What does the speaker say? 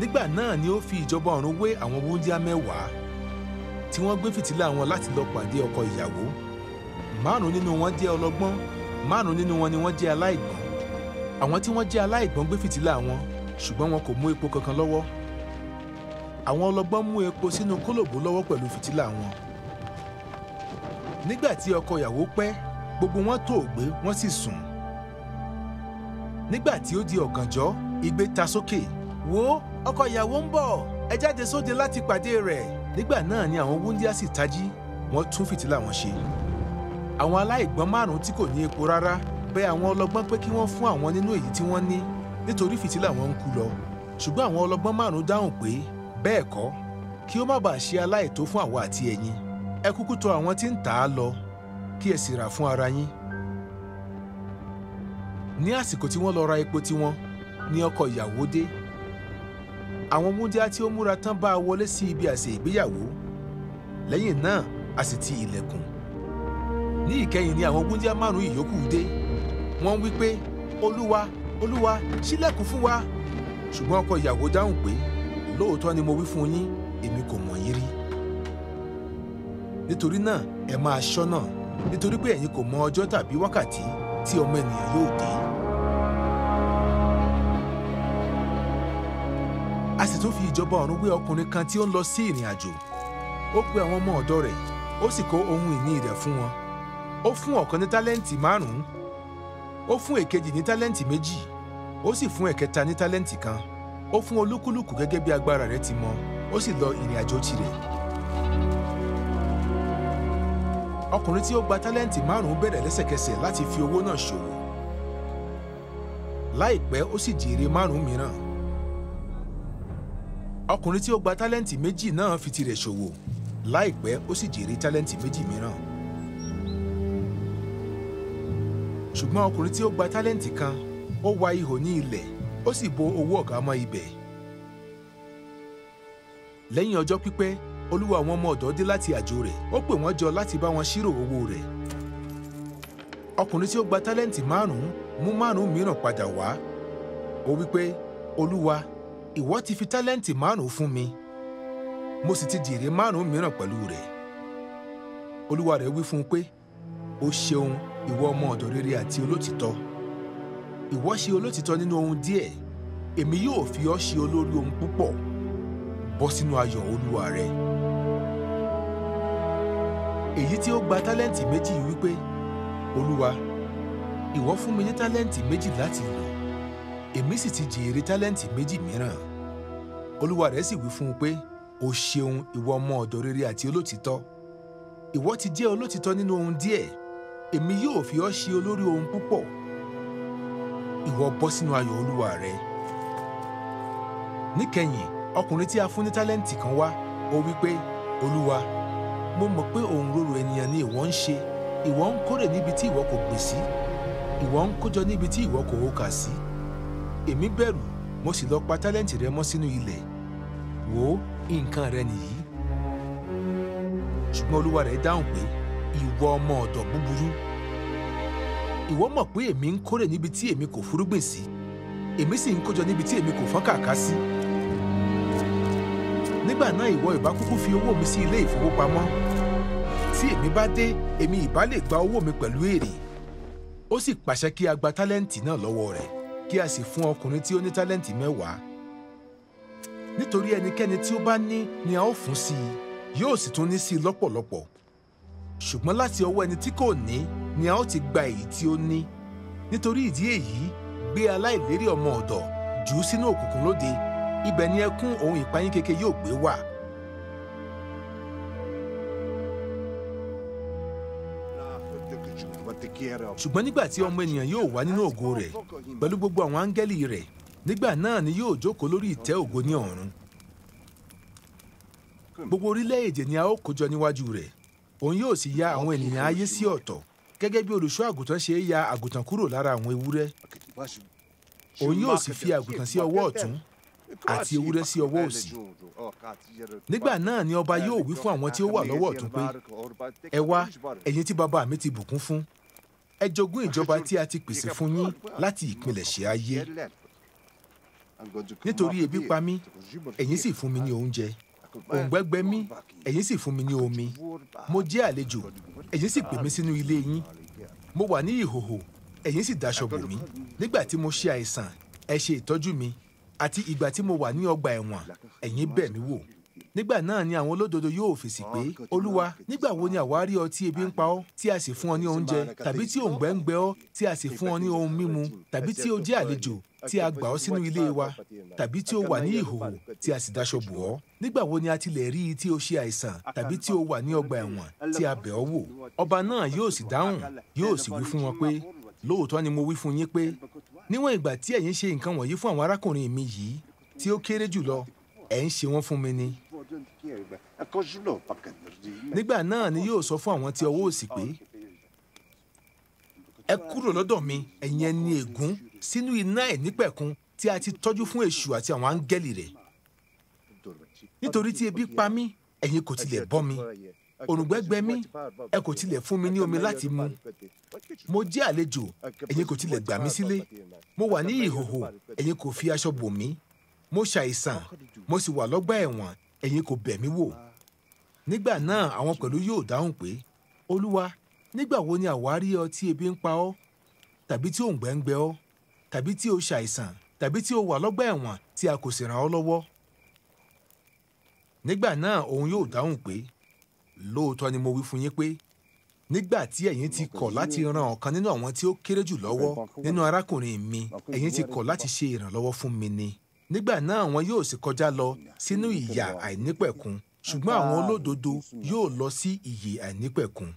nígbà náà ni ó fi ìjọba ọ̀run wé àwọn wúńdíá mẹ́wàá tí wọ́n gbé fìtílà wọn láti lọ pàdé ọkọ ìyàwó márùn nínú wọn jẹ́ ọlọ́gbọ́n márùn nínú wọn ni wọ́n jẹ́ aláìgbọ́n àwọn tí wọ́n jẹ́ aláìgbọ́n gbé fìtílà wọn ṣùgbọ́n wọn kò mú epo kankan lọ́wọ́ àwọn ọlọ́gbọ́n mú epo sínú kólòbó lọ́wọ́ pẹ̀lú fìtílà wọn nígbà tí ọkọ ìyàwó pẹ́ gbogbo wọn tòògbé wọ́n sì sùn nígbà tí ó di ọ̀gànjọ́ igbe ta sókè wò ọkọ ìyàwó ń bọ̀ ẹ jáde sóde láti pàdé rẹ̀. nígbà náà ni àwọn wúńdíá sì tají wọ́n tún fìtílà wọn ṣe. àwọn aláìgbọ́n márùn-ún tí kò ní epo rárá bẹ àwọn ọlọ́gbọ́n pé kí wọ́n fún àwọn nínú èyí tí wọ́n ní nítorí fìtílà wọn ń kú lọ. ṣùgbọ́n àwọn ọlọ́gbọ́n márùn-ún dáhùn pé bẹ́ẹ̀ kọ́ kí ó má bàa ṣe aláìtó fún àwa àti ẹ̀yin ẹ kúkú tọ̀ àwọn tí ń tà á lọ kí ẹ sì rà fún ara yín. ní àsìkò tí wọ́n lọ ra epo tiwọn ni ọkọ ìyàwó dé àwọn wúńdíá tí ó múra tán bá a wọlé sí ibi àsè ìgbéyàwó lẹ́yìn náà a sì ti ilẹ̀kùn ní ìkẹyìn ni àwọn wúńdíá márùn-ún ìyókù dé wọ́n wí pé olúwa olúwa ṣílẹ̀kùn fún wa ṣùgbọ́n ọkọ ìyàwó dáhùn pé lóòótọ́ ni mo wí fún yín èmi kò mọ̀ yín rí nítorí náà ẹ máa ṣọ́nà nítorí pé ẹ̀yin kò mọ ọjọ́ tàbí wákàtí tí ọmọ ènìyàn yóò dé. tó fi ìjọba ọ̀run wé ọkùnrin kan tí ó ń lọ sí ìrìn àjò ó pe àwọn ọmọ ọ̀dọ́ rẹ̀ ó sì kó ohun ìní rẹ̀ fún wọn ó fún ọ̀kan ní tálẹ́ǹtì márùn-ún ó fún èkejì ní tálẹ́ǹtì méjì ó sì fún ẹ̀kẹta ní tálẹ́ǹtì kan ó fún olúkúlùkù gẹ́gẹ́ bí agbára rẹ̀ ti mọ ó sì lọ ìrìn àjò tirẹ̀ ọkùnrin tí ó gba tálẹ́ǹtì márùn-ún bẹ̀rẹ̀ lẹ́sẹ̀kẹsẹ̀ láti fi owó náà ṣòwò láìpẹ́ ó sì jèrè márùn-ún mìíràn ọkùnrin tí ó gba tálẹ́ǹtì méjì náà fi tirẹ̀ ṣòwò láìpẹ́ ó sì jèrè tálẹ́ǹtì méjì mìíràn ṣùgbọ́n ọkùnrin tí ó gba tálẹ́ǹtì kan ó wa ihò ní ilẹ̀ ó sì bo owó ọ̀gá mọ́ ibẹ̀ lẹ́yìn ọjọ́ pípẹ́ olúwa àwọn ọmọ ọ̀dọ́ dé láti àjò rẹ̀ ó pè wọ́n jọ láti bá wọn ṣírò owó rẹ̀ ọkùnrin tí ó gba tálẹ́ǹtì márùn-ún mú márùn-ún mìíràn padà wá ó wí olúwa ìwọ ti fi tálẹ́ǹtì márùn-ún fún mi mo sì ti jèrè márùn-ún mìíràn pẹ̀lú rẹ̀ olúwa rẹ̀ wí fún un pé o ṣeun ìwọ ọmọ ọ̀dọ̀ rere àti olótìtọ́ ìwọ ṣe olótìtọ́ nínú ohun díẹ̀ èmi yóò fi ọ́ ṣe olórí ohun púpọ̀ bọ́ sínú ayọ̀ olúwa rẹ èyí tí ó gba tálẹ́ǹtì méjì wípé olúwa ìwọ fún mi ní tálẹ́ǹtì méjì láti lò èmi sì ti jèrè tálẹ́ǹtì méjì mìíràn olúwa rẹ̀ sì wí fún un pé o ṣeun ìwọ ọmọ ọ̀dọ̀ rere àti olótìtọ́ ìwọ ti jẹ́ olótìtọ́ nínú ohun díẹ̀ èmi yóò fi ọ́ ṣe olórí ohun púpọ̀ ìwọ bọ́ sínú ayọ̀ olúwa rẹ níkẹyìn ọkùnrin tí a fún ní tálẹ́ǹtì kan wá ó wí pé olúwa mo mọ̀ pé òun rorò ènìyàn ni ìwọ ń ṣe ìwọ ń kórè níbi tí ìwọ kò gbìn sí ìwọ ń kójọ níbi tí ìwọ kò hó sí. Si èmi bẹ̀rù mo sì lọ pa tálẹ́ǹtì rẹ mọ́ sínú ilẹ̀ wò ó nǹkan rẹ nìyí ṣùgbọ́n olúwa rẹ̀ dáhùn pé ìwọ ọmọ ọ̀dọ̀ búburú ìwọ mọ̀ pé èmi ń kórè níbi tí èmi kò furugbìn sí èmi sì ń kójọ níbi tí èmi kò fọ́n kàkà sí nígbà náà ìwọ ìbá kúkú fi owó mi sí ilé ìfowópamọ́ tí èmi bá dé èmi ìbá lè gba owó mi pẹ̀lú èrè ó sì pàṣẹ kí a gba tálẹ́ǹtì náà lọ́wọ́ rẹ̀ kí a sì fún ọkùnrin tí ó ní tálẹ́ǹtì mẹ́wàá nítorí ẹnikẹ́ni tí ó bá ní ni a ó fún sí i yóò sì tún ní sí i lọ́pọ̀lọpọ̀ ṣùgbọ́n láti ọwọ́ ẹni tí kò ní ni a ó ti gba èyí tí ó ní nítorí ìdí èyí gbé aláìlérí ọmọ ọ̀dọ̀ jù ú sínú òkùnkùn lóde ibẹ̀ ni ẹkún ohun ìpayín keke yóò gbé wà. ṣùgbọ́n nígbà tí ọmọ ènìyàn yóò wá nínú ògo rẹ̀ pẹ̀lú gbogbo àwọn áńgẹ́lì rẹ̀ nígbà náà ni yóò jókòó lórí ìtẹ́ ògo ní ọ̀run gbogbo orílẹ̀-èdè ni a ó kójọ níwájú rẹ̀ òun yóò sì ya àwọn ènìyàn ayé sí ọ̀tọ̀ gẹ́gẹ́ bí olùṣọ́ àgùntàn ṣe ya àgùntàn kúrò lára àwọn ewúrẹ́ òun yóò sì fi àgùntàn sí ọwọ́ ọ̀tún àti ewúrẹ́ sí ọwọ́ òsì nígbà náà ni ọba yóò wí fún àwọn tí ó wà lọ́wọ́ ọ̀tún pé ẹ wá ẹ̀yin tí bàbá mi ti bùkún fún ẹ jogún ìjọba tí a ti pèsè fún yín láti ìpilẹ̀ṣẹ̀ ayé nítorí ebi pa mí ẹ̀yin sì fún mi ní oúnjẹ òǹgbẹ gbẹ mí sì fún mi ní omi mo jẹ́ àlejò ẹ̀yin sì pè mí sínú ilé yín mo wà ní ìhòhò ẹ̀yin sì daṣọ bò mí nígbà tí mo ṣe àìsàn ẹ ṣe ìtọ́jú mi àti ìgbà tí mo wà ní ọgbà ẹ̀wọ̀n ẹ̀yin bẹ̀ mí wò nígbà náà ni àwọn olódodo yóò fèsì pé ah, olúwa nígbà wo ni àwa rí ọ tí ebi ń pa ọ́ tí a sì fún ọ ní oúnjẹ tàbí tí òǹgbẹ ń gbẹ ọ́ tí a sì fún ọ ní ohun mímu tàbí tí o jẹ́ àlejò tí a gbà ọ́ sínú ilé wa tàbí tí o wà ní ìhòòhò tí a sì daṣọ bò ọ́ nígbà wo ni a tilẹ̀ rí i tí o ṣe àìsàn tàbí tí o wà ní ọgbà ẹ̀wọ̀n tí a bẹ̀ ọ́ wò ọba náà yóò sì dáhùn yóò sì wí fún wọn pé lóòótọ́ ni mo wí fún yín pé níwọ̀n ìgbà tí ẹ̀yin ṣe nǹkan wọ̀nyí fún àwọn arákùnrin mi yìí tí ó kéré jùlọ ẹ̀ ń ṣe wọ́n fún mi ni nígbà náà ni yóò sọ fún àwọn tí ọwọ́ òsì pé ẹ kúrò lọ́dọ̀ mi ẹ̀yin ẹni ègún sínú iná ẹ̀ nípẹ̀kun tí a ti tọ́jú fún èṣù àti àwọn áńgẹ́lì rẹ̀ nítorí tí ebi pa mí ẹ̀yin kò tilẹ̀ bọ́ mi òrùngbẹ gbẹ ẹ kò tilẹ̀ fún mi ní omi láti mu mo jẹ́ àlejò ẹ̀yin kò tilẹ̀ gbà mí sílé mo wà ní ìhòhò ẹ̀yin kò fi aṣọ bò mí mo ṣàìsàn mo sì wà lọ́gbà ẹ̀wọ̀n ẹ̀yin kò bẹ̀ mí wò nígbà náà àwọn pẹ̀lú yóò dáhùn pé olúwa nígbà wo ni àwa rí ọ tí ebi ń pa ọ́ tàbí tí òǹgbẹ ń gbẹ ọ́ tàbí tí o ṣàìsàn tàbí tí o wà lọ́gbà ẹ̀wọ̀n tí a kò sì ràn ọ́ lọ́wọ́ nígbà náà òun yóò dáhùn pé lóòótọ́ ni mo wí fún yín pé nígbà tí ẹ̀yin ti kọ̀ láti ran ọ̀kan nínú àwọn tí ó kéré jù lọ́wọ́ nínú arákùnrin mi ẹ̀yin ti kọ̀ láti ṣe ìrànlọ́wọ́ fún mi ni nígbà náà wọn yóò sì kọjá lọ sínú ìyà àìnípẹ̀kun ṣùgbọ́n àwọn olódodo yóò lọ sí ìyè àìnípẹ̀kun.